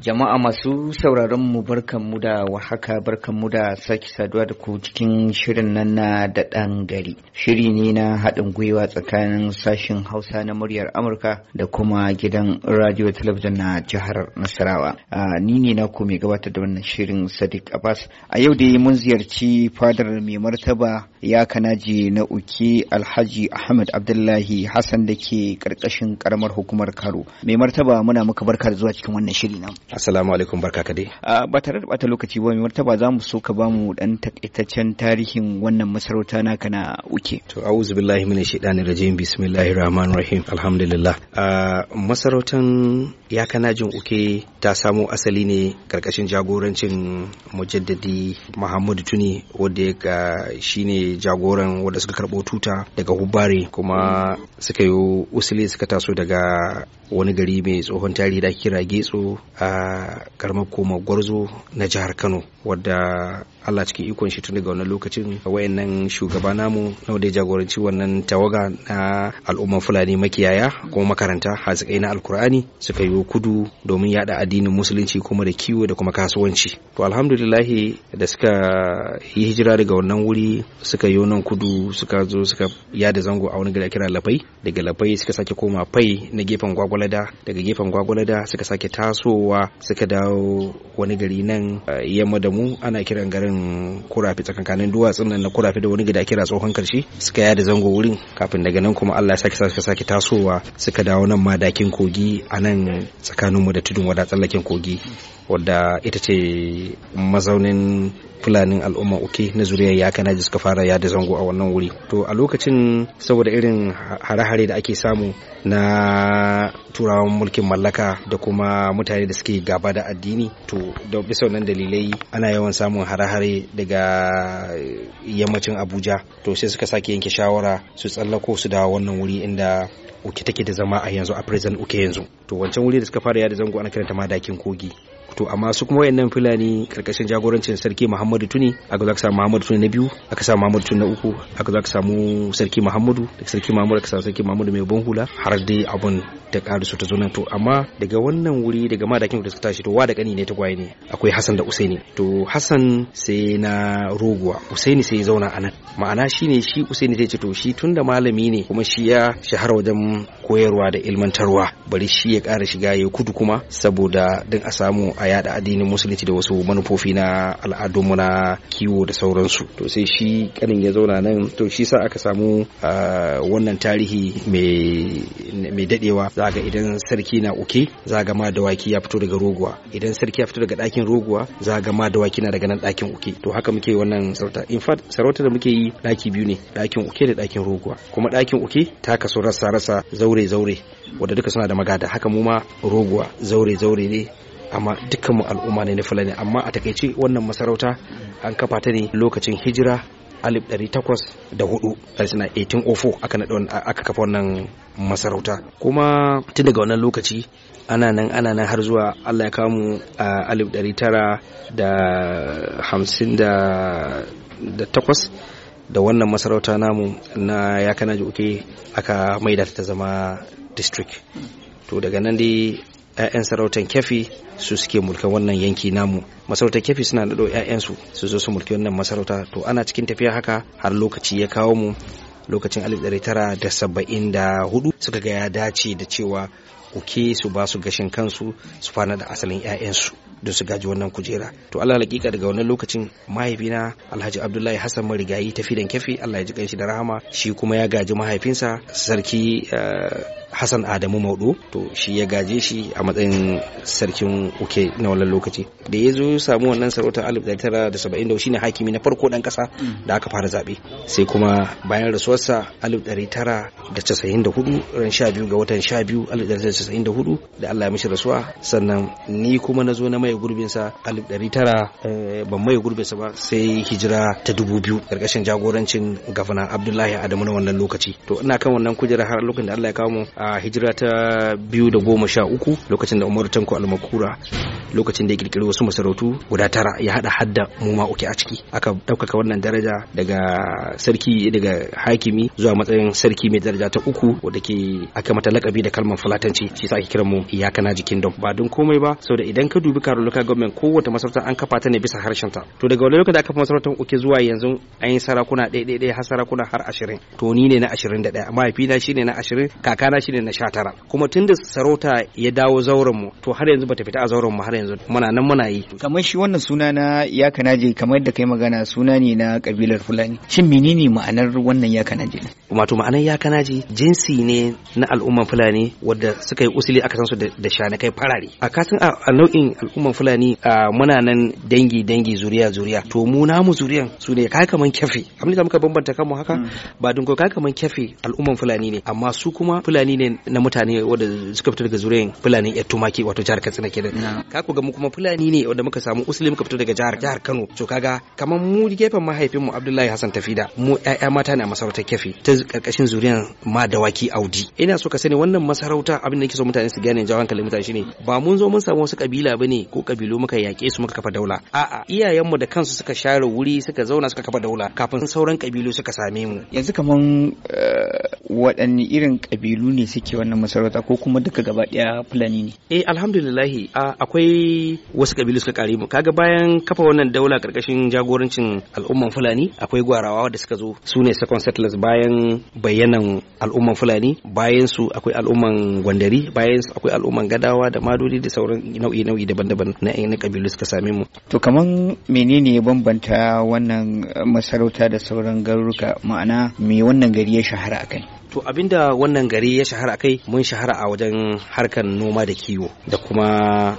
Jama'a masu sauraron mu mu da barkan mu da sake saduwa da ku cikin shirin nan na da ɗan gari. Shiri ne na haɗin gwiwa tsakanin sashin Hausa na muryar Amurka da kuma gidan radio talabijin na jihar Nasarawa. Ni ne na ku mai gabatar da wannan shirin Sadiq Abbas. A yau dai mun ziyarci fadar mai martaba ya kanaji na uke Alhaji Ahmad Abdullahi Hassan da ke ƙarƙashin ƙaramar hukumar Karo. Mai martaba muna muka barka da zuwa cikin wannan shiri nan. Assalamu alaikum barka ka dai. ba tare da bata lokaci ba mai ba za mu so ka ba mu dan takaitaccen tarihin wannan masarauta naka na uke. To a'udhu billahi minash shaitanir rajim bismillahir rahmanir rahim alhamdulillah. Uh, masarautan kana jin uke ta samo asali ne karkashin jagorancin mujaddadi muhammadu tuni wadda ya ne jagoran wadda suka karɓo tuta daga Hubare, kuma suka yi usule suka taso daga wani gari mai tsohon tarihi da kira getso a karamar koma gwarzo na jihar kano wadda allah cikin ikon shi tun daga wannan lokacin wayannan shugaba namu na wadda jagoranci wannan tawaga na al'umman fulani makiyaya kuma makaranta hasikai na alkur'ani suka yi arewa kudu domin yada addinin musulunci kuma da kiwo da kuma kasuwanci to alhamdulillahi da suka yi hijira daga wannan wuri suka yi nan kudu suka zo suka yada zango a wani gari kira lafai daga lafai suka sake koma fai na gefen gwagwalada daga gefen gwagwalada suka sake tasowa suka dawo wani gari nan yamma da mu ana kiran garin kurafi tsakankanin duwatsun nan na kurafi da wani gari kira tsohon karshe suka yada zango wurin kafin daga nan kuma Allah ya sake sake tasowa suka dawo nan ma kogi a nan tsakaninmu da tudun wada tsallaken kogi wadda ita ce mazaunin fulanin al'umma uke na zuriyar kana da suka fara yada zango a wannan wuri to a lokacin saboda irin hare-hare da ake samu na turawan mulkin mallaka da kuma mutane da suke gaba da addini to da bisa wannan dalilai ana yawan samun hare-hare daga yammacin abuja to sai suka sake yanke shawara su tsallako su da wannan wuri inda uke take da zama a yanzu a prison uke yanzu to wancan wuri da suka fara yada zango ana kiranta ma dakin kogi to amma su kuma wayannan fulani karkashin jagorancin sarki muhammadu tuni aka zaka samu muhammadu tuni na biyu aka samu muhammadu tuni na uku aka zaka samu sarki muhammadu da sarki muhammadu aka samu sarki muhammadu mai ban hula har dai abun da ƙara su ta zo nan to amma daga wannan wuri daga madakin da suka tashi to wa da kani ne ta gwaye ne akwai hassan da usaini to hassan sai na roguwa usaini sai ya zauna anan ma'ana shine shi usaini zai ce to shi tunda malami ne kuma shi ya shahara wajen koyarwa da ilmantarwa bari shi ya kara shiga ya kudu kuma saboda din a samu a yada addinin musulunci da wasu manufofi na al'adunmu na kiwo da sauransu to sai shi kanin ya zauna nan to shi sa aka samu wannan tarihi mai dadewa ga idan sarki na uke ga ma dawaki ya fito daga roguwa idan sarki ya fito daga dakin roguwa ga ma dawaki na daga nan dakin uke to haka muke wannan sarauta in fact sarauta da muke yi daki biyu ne dakin uke da dakin roguwa kuma dakin uke ta kaso rasa rasa zaure zaure wanda duka suna da magada haka mu ma roguwa zaure zaure ne amma dukkanmu al'umma ne na fulani amma a takaice wannan masarauta an kafa ta ne lokacin hijira alif takwas da hudu suna 1804 aka aka kafa wannan masarauta kuma tun daga wannan lokaci ana nan ana nan har zuwa Allah ya kamu a tara da da takwas wannan masarauta namu na ya kana ji uke aka maida ta zama district to daga nan dai 'ya'yan sarautan kefi su suke mulkan wannan yanki namu masarautar kefi suna naɗo 'ya'yansu su zo su mulki wannan masarauta to ana cikin tafiya haka har lokaci ya kawo mu lokacin 1974 suka ga ya dace da cewa uke su ba su gashin kansu su fana da asalin 'ya'yansu don su gaji wannan kujera to Allah hakika daga wannan lokacin mahaifina Alhaji Abdullahi Hassan Marigayi tafi dan kefi Allah ya ji kanshi da rahama shi kuma ya gaji mahaifinsa sarki eh, Hassan Adamu Maudu to shi ya gaje shi a matsayin sarkin uke na wannan lokaci da ya zo samu wannan sarauta 1970 shine hakimi na farko dan kasa da aka fara zabe sai kuma bayan rasuwarsa 1994 ran 12 ga watan 12 1994 da Allah ya mishi rasuwa sannan ni kuma na zo na maye gurbin sa 1900 ban maye gurbin sa ba sai hijira ta 2000 karkashin jagorancin gafana Abdullahi Adamu na wannan lokaci to ina kan wannan kujera har lokacin da Allah ya kawo mu a hijira ta biyu da goma sha uku lokacin da umaru tanko almakura lokacin da ya kirkiri wasu masarautu guda tara ya hada hadda mu ma uke a ciki aka ɗaukaka wannan daraja daga sarki daga hakimi zuwa matsayin sarki mai daraja ta uku wadda ke aka mata lakabi da kalmar fulatanci shi sa ake kiran mu iyaka na jikin don ba don komai ba saboda idan ka dubi karo local government kowace masarauta an kafa ta ne bisa harshen ta to daga wani lokacin da aka kafa masarautar uke zuwa yanzu an yi sarakuna ɗaya ɗaya har sarakuna har ashirin to ni ne na ashirin da ɗaya mahaifina shi ne na ashirin kakana ne na sha tara kuma tunda sarauta ya dawo zauren mu to har yanzu bata fita a zauren mu har yanzu muna nan muna yi kamar shi wannan suna na ya kanaje kamar yadda kai magana suna ne na kabilar fulani shin menene ma'anar wannan ya kanaje wato ma'anar ya kanaje jinsi ne na al'umman fulani wadda suka yi usuli aka san su da kai farare a kasan a nau'in al'umman fulani muna nan dangi dangi zuriya zuriya to mu namu zuriyan su ne kai kaman kyafe amma muka bambanta kanmu haka hmm. ba dinko kai kaman kyafe al'umman fulani ne amma su kuma fulani ne na mutane wanda suka fito daga zuriyar fulani ya tumaki wato jihar katsina kenan ka ku ga mu kuma fulani ne wanda muka samu usuli muka fito daga jihar jihar kano to kaga kamar mu gefen mahaifin mu abdullahi hassan tafida mu ƴaƴa mata ne a masarautar kefi ta karkashin zuriyar ma dawaki audi ina so ka sani wannan masarauta abin da nake so mutane su gane jawan hankalin mutane shine ba mun zo mun samu wasu kabila bane ko kabilu muka yaƙe su muka kafa daula a'a iyayenmu da kansu suka share wuri suka zauna suka kafa daula kafin sauran kabilu suka same mu yanzu kaman eh, waɗanne irin ƙabilu ne suke wannan masarauta ko kuma duka gaba ɗaya fulani ne eh alhamdulillahi akwai wasu ƙabilu suka kare mu kaga bayan kafa wannan daula karkashin jagorancin al'umman fulani akwai gwarawa da suka zo su ne second settlers bayan bayanan al'umman fulani bayan su akwai al'umman gwandari bayan su akwai al'umman gadawa da madodi da sauran nau'i nau'i daban-daban na na ƙabilu suka same mu to kaman menene ya bambanta wannan masarauta da sauran garuruka ma'ana me wannan gari ya shahara a kai? To abinda wannan gari ya shahara kai mun shahara a wajen harkar noma da kiwo da kuma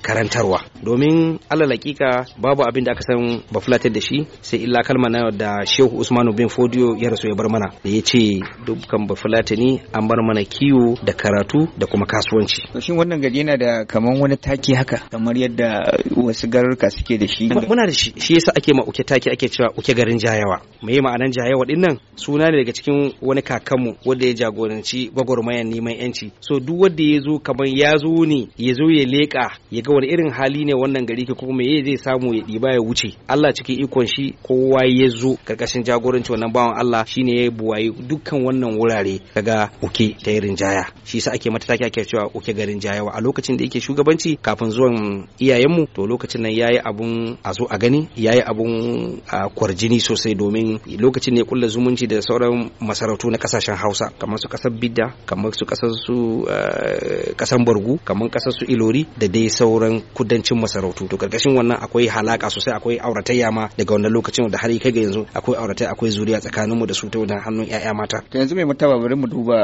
karantarwa domin alalakika babu abin da aka san fulatar da shi sai illa kalma na da Shehu Usmanu bin Fodiyo ya rasu ya bar mana da ya ce dukkan bafulatani an bar mana kiwo da karatu da kuma kasuwanci. Shin wannan gari yana da kaman wani taki haka kamar yadda wasu garuruka suke da shi. Muna da shi shi yasa ake ma uke taki ake cewa uke garin Jayawa. Me ma'anan Jayawa din suna ne daga cikin wani kakanmu wanda ya jagoranci gwagwarmayar neman yanci so duk wanda ya zo kamar ya zo ne ya zo ya leƙa ya ga wani irin hali ne wannan gari ke kuma me zai samu ya ɗiba ya wuce Allah cikin ikon shi kowa ya zo karkashin jagoranci wannan bawan Allah shine ya buwaye dukkan wannan wurare Daga uke ta irin jaya shi yasa ake mata take ake cewa uke garin jaya a lokacin da yake shugabanci kafin zuwan iyayenmu to lokacin nan yayi abun a zo a gani yayi abun a kwarjini sosai domin lokacin ne kulla zumunci da sauran masar karatu na kasashen hausa kamar su kasar bidda kamar su kasar su eh, kasar bargu kamar kasar su ilori da dai sauran kudancin masarautu to karkashin wannan akwai halaka sosai akwai auratayya ma daga wannan lokacin da har kai ga yanzu akwai auratayya akwai zuriya tsakanin mu da su ta wannan hannun yaya mata to yanzu mai mutaba bari mu duba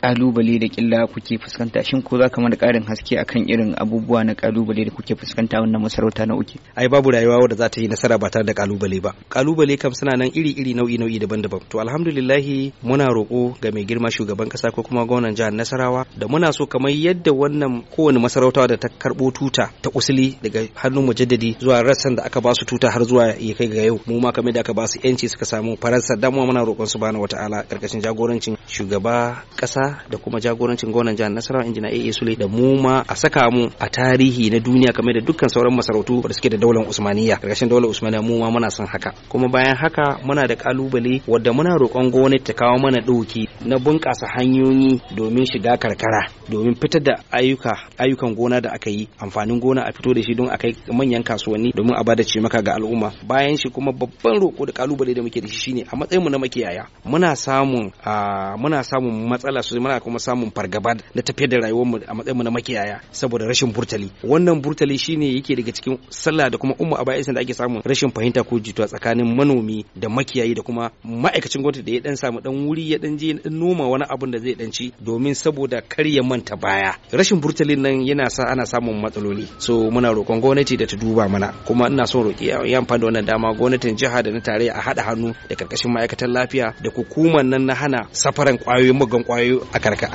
kalubale da killa kuke fuskanta shin ko za ka mana karin haske akan irin abubuwa na kalubale da kuke fuskanta wannan masarauta na uke ai babu rayuwa wadda za ta yi nasara ba tare da kalubale ba kalubale kam suna nan iri iri nau'i nau'i daban-daban to alhamdulillah muna roƙo ga mai girma shugaban ƙasa ko kuma gwamnan jihar Nasarawa da muna so kamar yadda wannan kowane masarauta da ta karɓo tuta ta usuli daga hannun mujaddadi zuwa rassan da aka ba su tuta har zuwa ya kai ga yau mu ma kamar da aka ba su yanci suka samu faransa damuwa muna roƙon su bana wata'ala ƙarƙashin jagorancin shugaba ƙasa da kuma jagorancin gwamnan jihar Nasarawa injina AA Sule da mu ma a saka mu a tarihi na duniya kamar da dukkan sauran masarautu da suke da daular Usmaniya ƙarshen daular Usmaniya mu ma muna son haka kuma bayan haka muna da kalubale wadda muna roƙon gwamnati ta kawo mana ɗauki na bunƙasa hanyoyi domin shiga karkara domin fitar da ayyuka ayyukan gona da aka yi amfanin gona a fito da shi don a kai manyan kasuwanni domin a ba da cimaka ga al'umma bayan shi kuma babban roƙo da kalubale da muke da shi shine a matsayin mu na makiyaya muna samun ah, muna samun matsala sosai muna kuma samun fargaba da tafiyar da rayuwarmu a matsayin mu na makiyaya saboda rashin burtali wannan burtali shine yake daga cikin sallah da kuma umma aba'isin da ake samun rashin fahimta ko jituwa tsakanin manomi da makiyayi da kuma ma'aikacin gwamnati da ya dan samu dan wuri ya dan je noma wani abin da zai dan ci domin saboda kar ya manta baya rashin burtalin nan yana sa ana samun matsaloli so muna roƙon gwamnati da ta duba mana kuma ina son roƙi ya amfani da wannan dama gwamnatin jiha da na tarayya a haɗa hannu da karkashin ma'aikatan lafiya da hukumar nan na hana safaran shan kwayoyi mugan kwayoyi a karka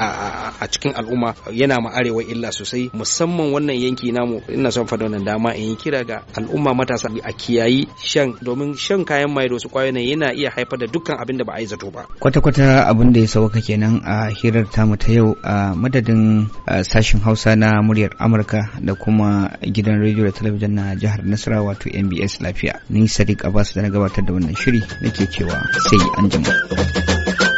a cikin al'umma yana ma arewa illa sosai musamman wannan yanki namu ina son fada wannan dama in yi kira ga al'umma matasa a kiyayi shan domin shan kayan maye da wasu kwayoyi yana iya haifar da dukkan abin da ba a yi zato ba kwata kwata abin da ya sauka kenan a hirar tamu ta yau a madadin sashin Hausa na muryar Amurka da kuma gidan rediyo da talabijin na jihar nasara wato MBS lafiya ni Sadiq Abbas da na gabatar da wannan shiri nake cewa sai an jima.